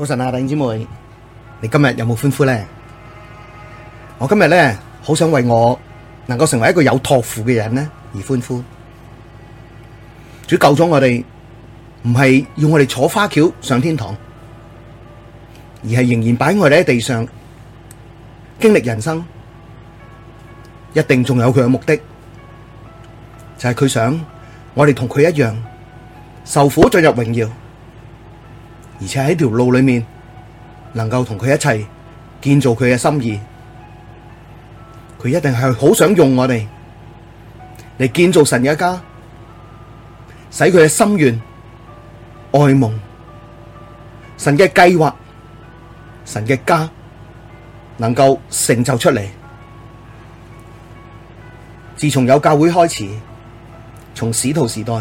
早晨啊，弟兄姊妹，你今日有冇歡呼咧？我今日咧好想為我能夠成為一個有託付嘅人咧而歡呼。主救咗我哋，唔係要我哋坐花轎上天堂，而係仍然擺我哋喺地上經歷人生，一定仲有佢嘅目的，就係佢想我哋同佢一樣受苦進入榮耀。而且喺條路裏面，能夠同佢一齊建造佢嘅心意，佢一定係好想用我哋嚟建造神嘅家，使佢嘅心願、愛夢、神嘅計劃、神嘅家，能夠成就出嚟。自從有教會開始，從使徒時代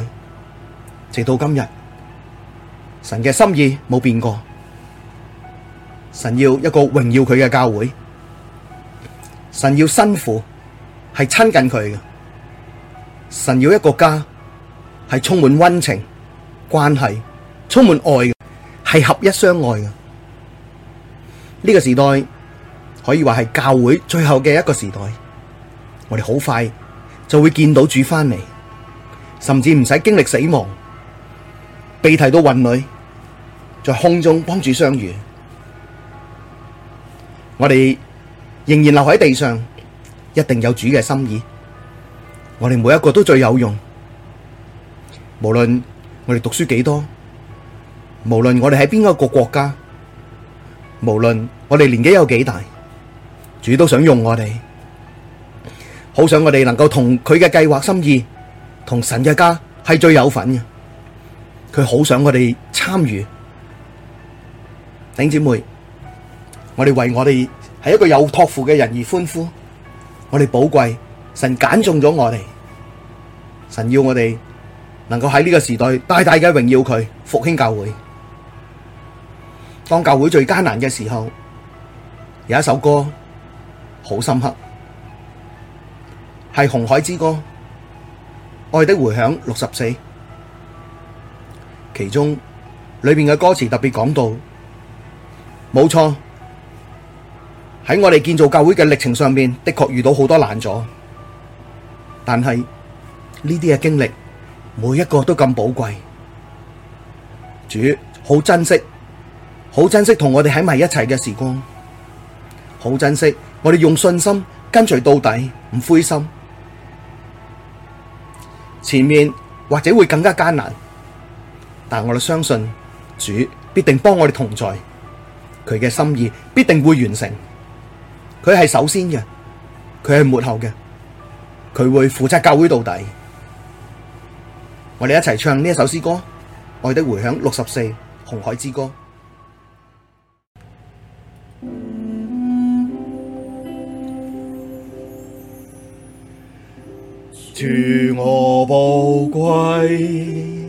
直到今日。神嘅心意冇變過，神要一個榮耀佢嘅教會，神要辛苦係親近佢嘅，神要一個家係充滿溫情關係，充滿愛嘅係合一相愛嘅。呢個時代可以話係教會最後嘅一個時代，我哋好快就會見到主返嚟，甚至唔使經歷死亡。被提到雲裏，在空中幫主相遇。我哋仍然留喺地上，一定有主嘅心意。我哋每一個都最有用，無論我哋讀書幾多，無論我哋喺邊一個國家，無論我哋年紀有幾大，主都想用我哋。好想我哋能夠同佢嘅計劃心意，同神嘅家係最有份嘅。佢好想我哋參與，弟兄姐妹，我哋為我哋係一個有託付嘅人而歡呼。我哋寶貴，神揀中咗我哋，神要我哋能夠喺呢個時代大大嘅榮耀佢復興教會。當教會最艱難嘅時候，有一首歌好深刻，係《紅海之歌》，愛的回響六十四。其中裡面嘅歌詞特別講到，冇錯，喺我哋建造教會嘅歷程上面，的確遇到好多難阻，但係呢啲嘅經歷每一個都咁寶貴，主好珍惜，好珍惜同我哋喺埋一齊嘅時光，好珍惜我哋用信心跟隨到底，唔灰心，前面或者會更加艱難。但我哋相信主必定幫我哋同在，佢嘅心意必定會完成。佢係首先嘅，佢係末後嘅，佢會負責教會到底。我哋一齊唱呢一首詩歌《愛的回響》六十四《紅海之歌》。主我寶貴。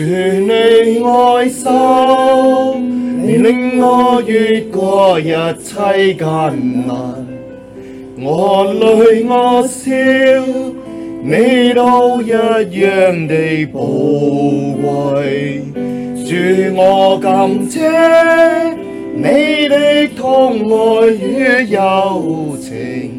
全你愛心，令我越過一切艱難。我淚我笑，你都一樣地寶貴。祝我甘姐，你的疼愛與友情。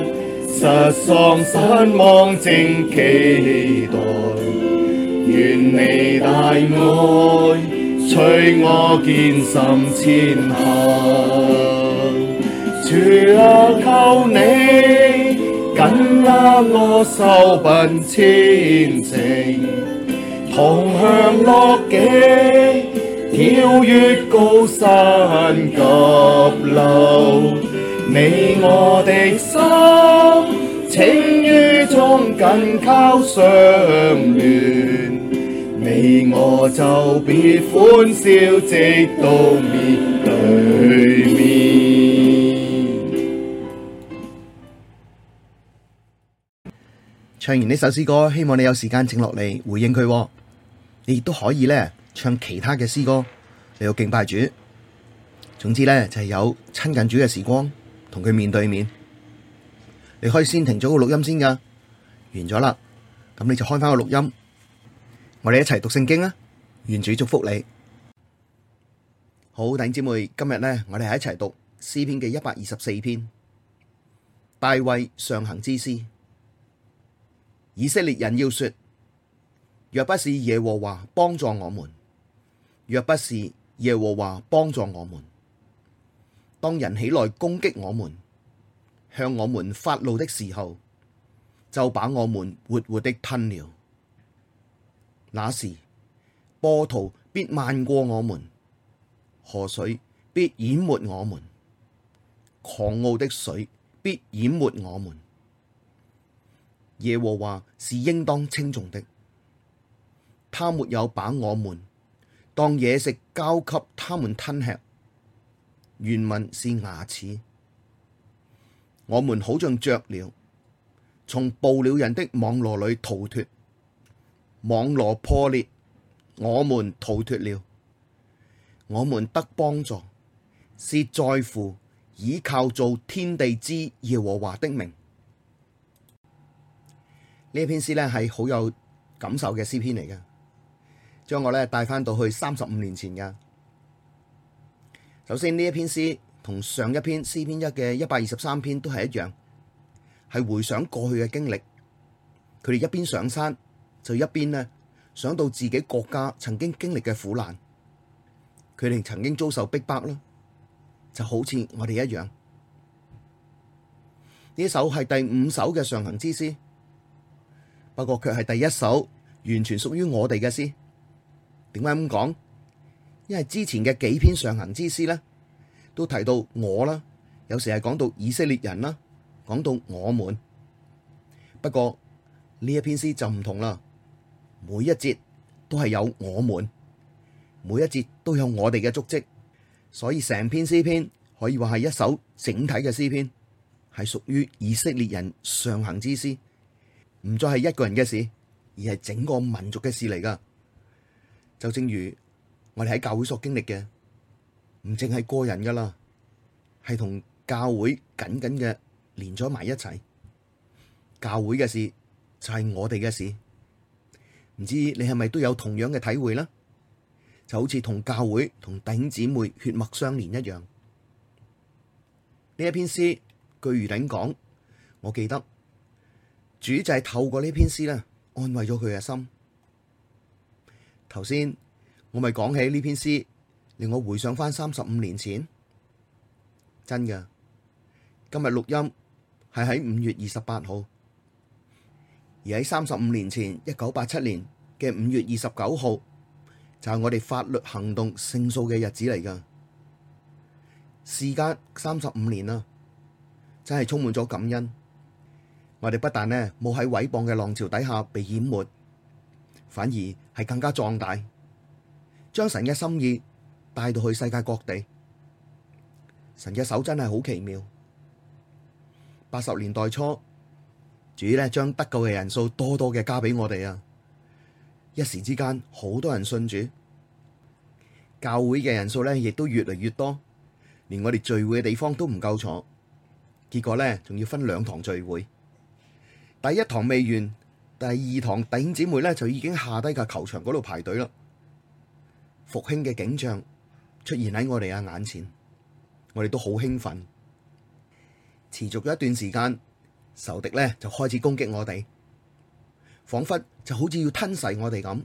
失喪失望正期待，願你大愛催我堅心前行。主啊！求你，緊握我手奔前程，同享樂境，跳越高山急流。你我的心，晴雨中，緊靠相戀，你我就必歡笑直到面對面。唱完呢首詩歌，希望你有時間靜落嚟回應佢、哦。你亦都可以咧唱其他嘅詩歌你到敬拜主。總之咧就係、是、有親近主嘅時光。同佢面對面，你可以先停咗個錄音先噶，完咗啦，咁你就開翻個錄音，我哋一齊讀聖經啊！願主祝福你。好，弟兄姊妹，今日咧，我哋係一齊讀詩篇嘅一百二十四篇，大衛上行之詩。以色列人要說：若不是耶和華幫助我們，若不是耶和華幫助我們。當人起來攻擊我們，向我們發怒的時候，就把我們活活的吞了。那時波濤必漫過我們，河水必淹沒我們，狂傲的水必淹沒我們。耶和華是應當稱頌的，他沒有把我們當野食交給他們吞吃。原文是牙齒，我們好像雀鳥，從捕鳥人的網羅裡逃脫，網羅破裂，我們逃脫了，我們得幫助，是在乎倚靠造天地之耶和華的名。呢篇詩咧係好有感受嘅詩篇嚟噶，將我咧帶翻到去三十五年前噶。首先呢一篇詩同上一篇詩篇一嘅一百二十三篇都係一樣，係回想過去嘅經歷。佢哋一邊上山就一邊呢想到自己國家曾經經歷嘅苦難，佢哋曾經遭受逼迫啦，就好似我哋一樣。呢首係第五首嘅上行之詩，不過卻係第一首完全屬於我哋嘅詩。點解咁講？因為之前嘅幾篇上行之詩咧，都提到我啦，有時係講到以色列人啦，講到我們。不過呢一篇詩就唔同啦，每一節都係有我們，每一節都有我哋嘅足跡，所以成篇詩篇可以話係一首整體嘅詩篇，係屬於以色列人上行之詩，唔再係一個人嘅事，而係整個民族嘅事嚟㗎。就正如。我哋喺教會所經歷嘅，唔淨係個人噶啦，係同教會緊緊嘅連咗埋一齊。教會嘅事就係我哋嘅事，唔知你係咪都有同樣嘅體會呢？就好似同教會、弟兄姊妹血脈相連一樣。呢一篇詩，據余頂講，我記得主就係透過呢篇詩咧，安慰咗佢嘅心。頭先。我咪講起呢篇詩，令我回想翻三十五年前，真噶。今日錄音係喺五月二十八號，而喺三十五年前，一九八七年嘅五月二十九號，就係我哋法律行動勝訴嘅日子嚟噶。時間三十五年啦，真係充滿咗感恩。我哋不但呢冇喺毀謗嘅浪潮底下被淹沒，反而係更加壯大。將神嘅心意帶到去世界各地，神嘅手真係好奇妙。八十年代初，主咧將得救嘅人數多多嘅加俾我哋啊！一時之間，好多人信主，教會嘅人數咧亦都越嚟越多，連我哋聚會嘅地方都唔夠坐。結果咧，仲要分兩堂聚會，第一堂未完，第二堂弟兄姊妹咧就已經下低架球場嗰度排隊啦。復興嘅景象出現喺我哋嘅眼前，我哋都好興奮。持續咗一段時間，仇敵呢就開始攻擊我哋，仿佛就好似要吞噬我哋咁。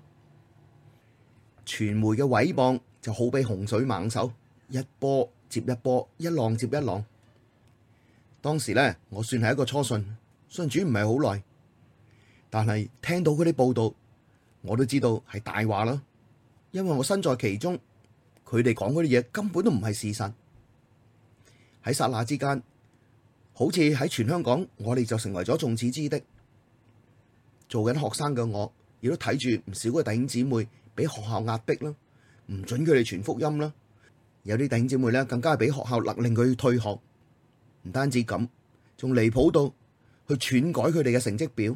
傳媒嘅毀謗，就好比洪水猛獸，一波接一波，一浪接一浪。當時呢，我算係一個初信，信主唔係好耐，但係聽到嗰啲報道，我都知道係大話啦。因為我身在其中，佢哋講嗰啲嘢根本都唔係事實。喺剎那之間，好似喺全香港，我哋就成為咗眾矢之的。做緊學生嘅我，亦都睇住唔少嘅弟兄姊妹俾學校壓迫啦，唔准佢哋傳福音啦。有啲弟兄姊妹咧，更加係俾學校勒令佢退學，唔單止咁，仲離譜到去篡改佢哋嘅成績表。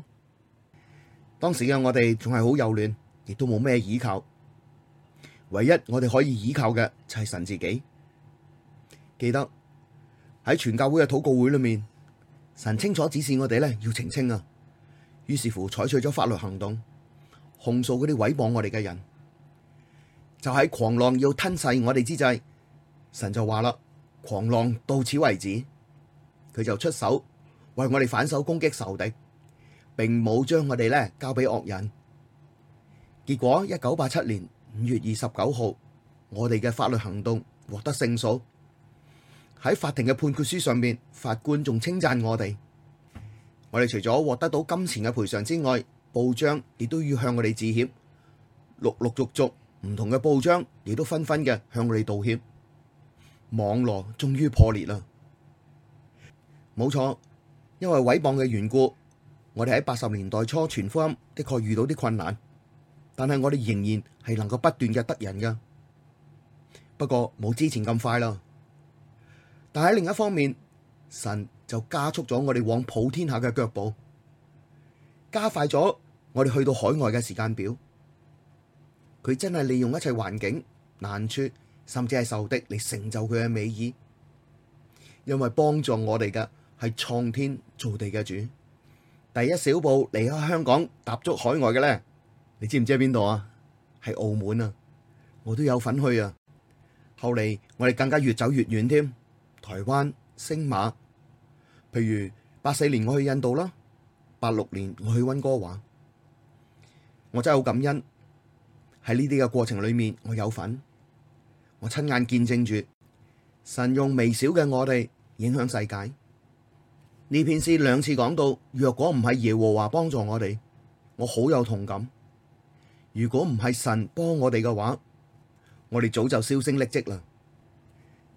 當時嘅我哋仲係好幼嫩，亦都冇咩依靠。唯一我哋可以倚靠嘅就係神自己。記得喺全教會嘅禱告會裏面，神清楚指示我哋咧，要澄清啊。於是乎，採取咗法律行動，控訴嗰啲毀謗我哋嘅人。就喺、是、狂浪要吞噬我哋之際，神就話啦：狂浪到此為止。佢就出手為我哋反手攻擊仇敵，並冇將我哋咧交俾惡人。結果一九八七年。五月二十九號，我哋嘅法律行動獲得勝訴。喺法庭嘅判決書上面，法官仲稱讚我哋。我哋除咗獲得到金錢嘅賠償之外，報章亦都要向我哋致歉。陸陸續續唔同嘅報章亦都紛紛嘅向我哋道歉。網羅終於破裂啦！冇錯，因為毀謗嘅緣故，我哋喺八十年代初傳福音的確遇到啲困難。但係我哋仍然係能夠不斷嘅得人噶，不過冇之前咁快啦。但係另一方面，神就加速咗我哋往普天下嘅腳步，加快咗我哋去到海外嘅時間表。佢真係利用一切環境難處，甚至係受敵，嚟成就佢嘅美意。因為幫助我哋嘅係創天造地嘅主。第一小步離開香港，踏足海外嘅咧。你知唔知喺邊度啊？喺澳門啊，我都有份去啊。後嚟我哋更加越走越遠添，台灣、星馬。譬如八四年我去印度啦，八六年我去溫哥華，我真係好感恩喺呢啲嘅過程裏面，我有份，我親眼見證住神用微小嘅我哋影響世界。呢篇詩兩次講到，若果唔係耶和華幫助我哋，我好有同感。如果唔係神幫我哋嘅話，我哋早就銷聲匿跡啦。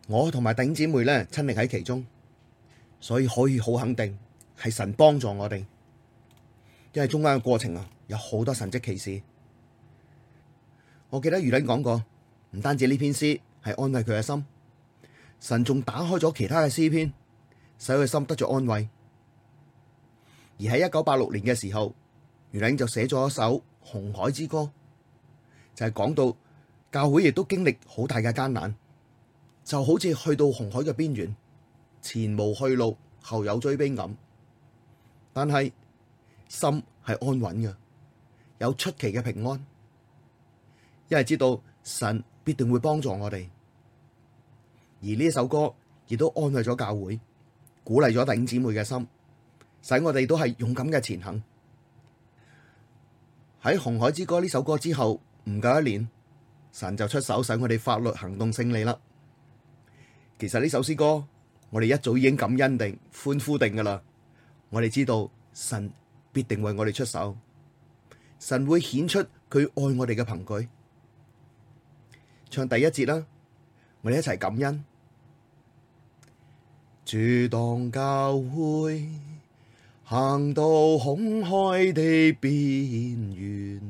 我同埋弟兄姊妹咧，親歷喺其中，所以可以好肯定係神幫助我哋，因為中間嘅過程啊有好多神跡奇事。我記得余玲講過，唔單止呢篇詩係安慰佢嘅心，神仲打開咗其他嘅詩篇，使佢心得咗安慰。而喺一九八六年嘅時候，余玲就寫咗一首。《紅海之歌》就係講到教會亦都經歷好大嘅艱難，就好似去到紅海嘅邊緣，前無去路，後有追兵咁。但係心係安穩嘅，有出奇嘅平安，因為知道神必定會幫助我哋。而呢一首歌亦都安慰咗教會，鼓勵咗弟兄姊妹嘅心，使我哋都係勇敢嘅前行。喺《紅海之歌》呢首歌之後唔夠一年，神就出手使我哋法律行動勝利啦。其實呢首詩歌，我哋一早已經感恩定、歡呼定噶啦。我哋知道神必定為我哋出手，神會顯出佢愛我哋嘅憑據。唱第一節啦，我哋一齊感恩，主當教會。行到恐慌的邊緣，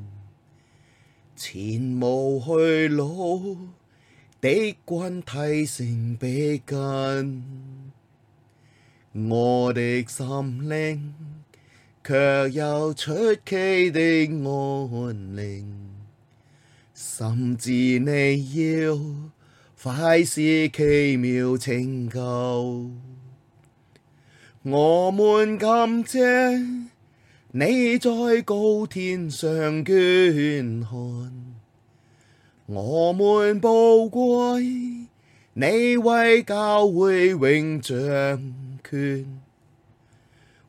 前無去路，敵軍替成逼近，我的心靈卻有出奇的安寧，甚至你要快施奇妙拯救。我們感謝，你在高天上眷看；我們寶貴，你為教會永掌權；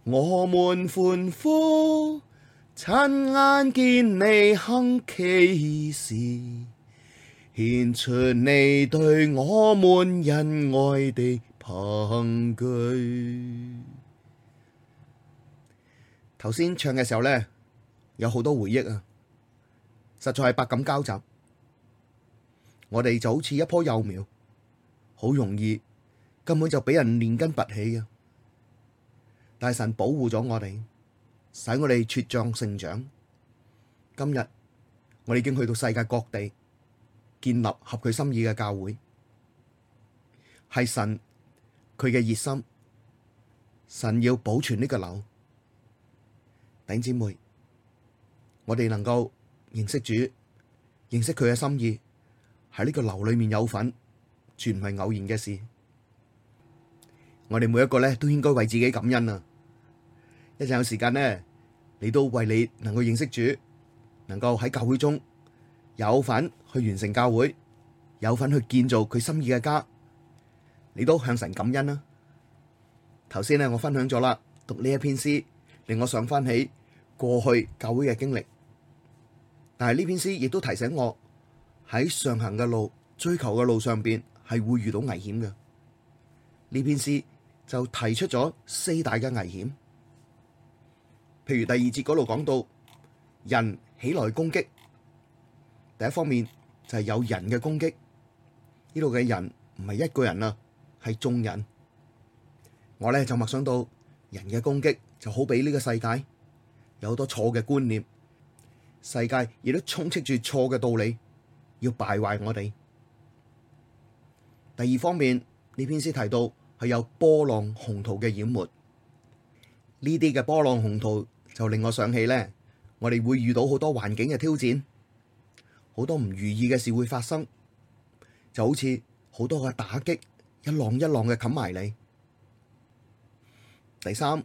我們歡呼，親眼見你行奇事，獻出你對我們恩愛的憑據。頭先唱嘅時候呢，有好多回憶啊，實在係百感交集。我哋就好似一棵幼苗，好容易根本就俾人連根拔起嘅。但神保護咗我哋，使我哋茁壯成長。今日我哋已經去到世界各地，建立合佢心意嘅教會，係神佢嘅熱心。神要保存呢個樓。弟兄姊妹，我哋能夠認識主、認識佢嘅心意，喺呢個樓裏面有份，絕唔係偶然嘅事。我哋每一個咧都應該為自己感恩啊！一陣有時間呢，你都為你能夠認識主、能夠喺教會中有份去完成教會、有份去建造佢心意嘅家，你都向神感恩啦、啊。頭先咧，我分享咗啦，讀呢一篇詩。令我想翻起過去教會嘅經歷，但係呢篇詩亦都提醒我喺上行嘅路、追求嘅路上邊係會遇到危險嘅。呢篇詩就提出咗四大嘅危險，譬如第二節嗰度講到人起來攻擊，第一方面就係有人嘅攻擊，呢度嘅人唔係一個人啊，係眾人。我呢就默想到人嘅攻擊。就好比呢個世界有好多錯嘅觀念，世界亦都充斥住錯嘅道理，要敗壞我哋。第二方面，呢篇詩提到係有波浪洪濤嘅淹沒，呢啲嘅波浪洪濤就令我想起咧，我哋會遇到好多環境嘅挑戰，好多唔如意嘅事會發生，就好似好多嘅打擊一浪一浪嘅冚埋你。第三。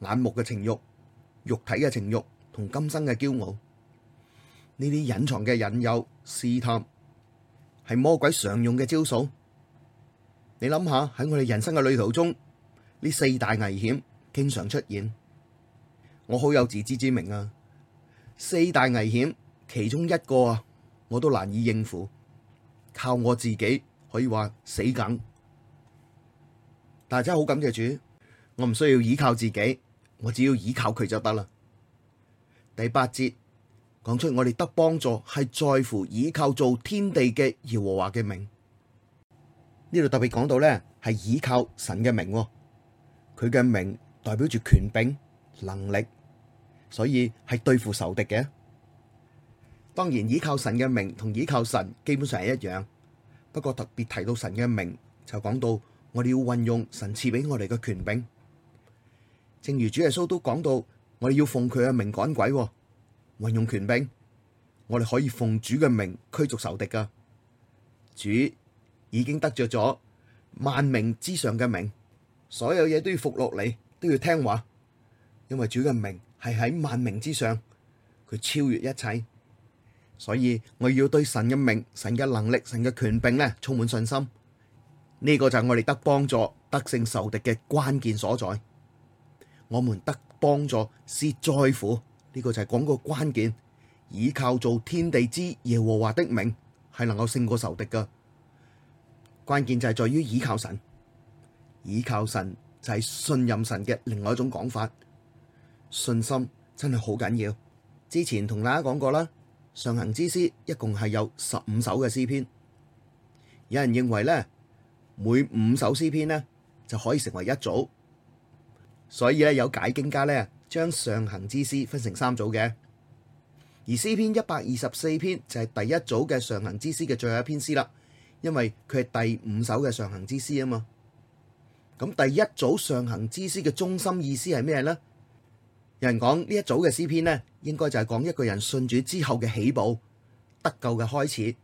眼目嘅情欲、肉體嘅情欲同今生嘅驕傲，呢啲隱藏嘅引誘試探，係魔鬼常用嘅招數。你諗下喺我哋人生嘅旅途中，呢四大危險經常出現。我好有自知之明啊！四大危險其中一個啊，我都難以應付，靠我自己可以話死梗。但係真係好感謝主，我唔需要依靠自己。我只要倚靠佢就得啦。第八節講出我哋得幫助係在乎倚靠造天地嘅耶和華嘅名。呢度特別講到咧係倚靠神嘅名，佢嘅名代表住權柄、能力，所以係對付仇敵嘅。當然倚靠神嘅名同倚靠神基本上係一樣，不過特別提到神嘅名就講到我哋要運用神賜俾我哋嘅權柄。正如主耶穌都講到，我哋要奉佢嘅名趕鬼，運用權柄，我哋可以奉主嘅名驅逐仇敵噶。主已經得着咗萬名之上嘅名，所有嘢，都要服落嚟，都要聽話，因為主嘅名係喺萬名之上，佢超越一切。所以我要對神嘅名、神嘅能力、神嘅權柄咧充滿信心。呢個就係我哋得幫助、得勝仇敵嘅關鍵所在。我們得幫助，是在乎。呢個就係講個關鍵，倚靠造天地之耶和華的名，係能夠勝過仇敵噶。關鍵就係在於倚靠神，倚靠神就係信任神嘅另外一種講法。信心真係好緊要。之前同大家講過啦，上行之詩一共係有十五首嘅詩篇。有人認為咧，每五首詩篇呢，就可以成為一組。所以咧，有解經家咧，將上行之詩分成三組嘅，而詩篇一百二十四篇就係第一組嘅上行之詩嘅最後一篇詩啦，因為佢係第五首嘅上行之詩啊嘛。咁第一組上行之詩嘅中心意思係咩呢？有人講呢一組嘅詩篇咧，應該就係講一個人信主之後嘅起步，得救嘅開始，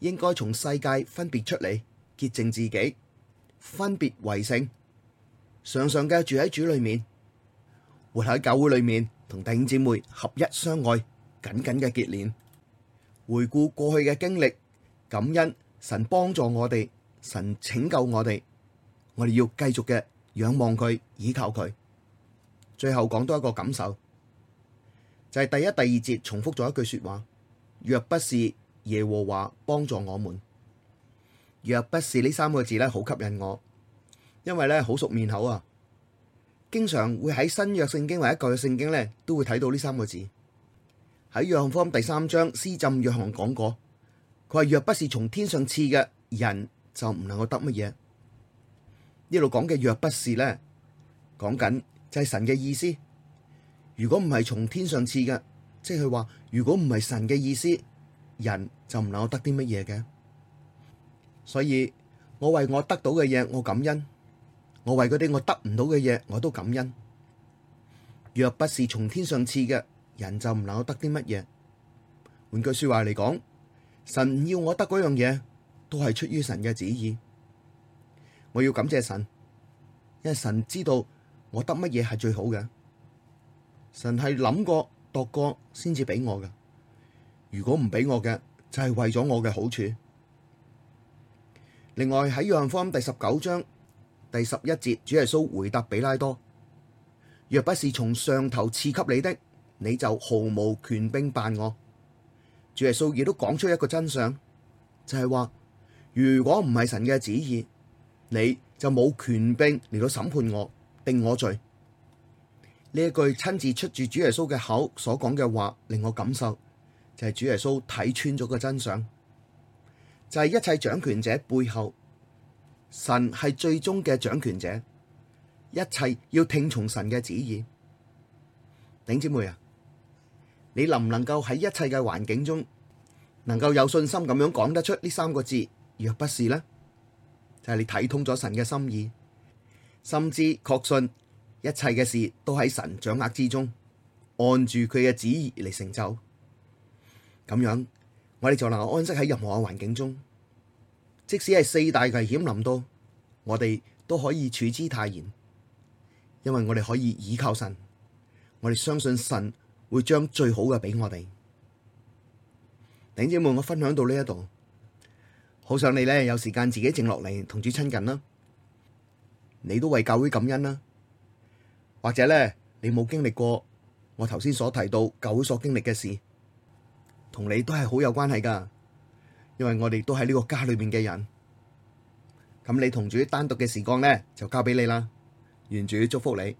應該從世界分別出嚟，潔淨自己，分別為聖。常常嘅住喺主裏面，活喺教會裏面，同弟兄姊妹合一相愛，緊緊嘅結連。回顧過去嘅經歷，感恩神幫助我哋，神拯救我哋，我哋要繼續嘅仰望佢，倚靠佢。最後講多一個感受，就係第一、第二節重複咗一句說話，若不是耶和華幫助我們。若不是呢三個字咧，好吸引我。因為咧好熟面口啊，經常會喺新約聖經或者舊約聖經咧都會睇到呢三個字。喺約翰福音第三章施浸約翰講過，佢話，若不是從天上賜嘅，人就唔能夠得乜嘢。呢度講嘅若不是咧，講緊就係神嘅意思。如果唔係從天上賜嘅，即係話如果唔係神嘅意思，人就唔能夠得啲乜嘢嘅。所以我為我得到嘅嘢，我感恩。我為嗰啲我得唔到嘅嘢，我都感恩。若不是從天上賜嘅，人就唔能夠得啲乜嘢。換句說話嚟講，神要我得嗰樣嘢，都係出於神嘅旨意。我要感謝神，因為神知道我得乜嘢係最好嘅。神係諗過、度過先至俾我嘅。如果唔俾我嘅，就係為咗我嘅好處。另外喺約翰福音第十九章。第十一節，主耶穌回答彼拉多：若不是從上頭賜給你的，你就毫無權柄辦我。主耶穌亦都講出一個真相，就係話，如果唔係神嘅旨意，你就冇權柄嚟到審判我，定我罪。呢一句親自出住主耶穌嘅口所講嘅話，令我感受就係主耶穌睇穿咗個真相，就係一切掌權者背後。神係最終嘅掌權者，一切要聽從神嘅旨意。頂姐妹啊，你能唔能夠喺一切嘅環境中，能夠有信心咁樣講得出呢三個字？若不是呢，就係你睇通咗神嘅心意，甚至確信一切嘅事都喺神掌握之中，按住佢嘅旨意嚟成就。咁樣我哋就能夠安息喺任何嘅環境中。即使係四大危險臨到，我哋都可以處之泰然，因為我哋可以倚靠神，我哋相信神會將最好嘅畀我哋。弟兄姊妹，我分享到呢一度，好想你咧有時間自己靜落嚟同主親近啦，你都為教會感恩啦，或者咧你冇經歷過我頭先所提到教會所經歷嘅事，同你都係好有關係噶。因為我哋都係呢個家裏面嘅人，咁你同主單獨嘅時光咧，就交俾你啦。願主祝福你。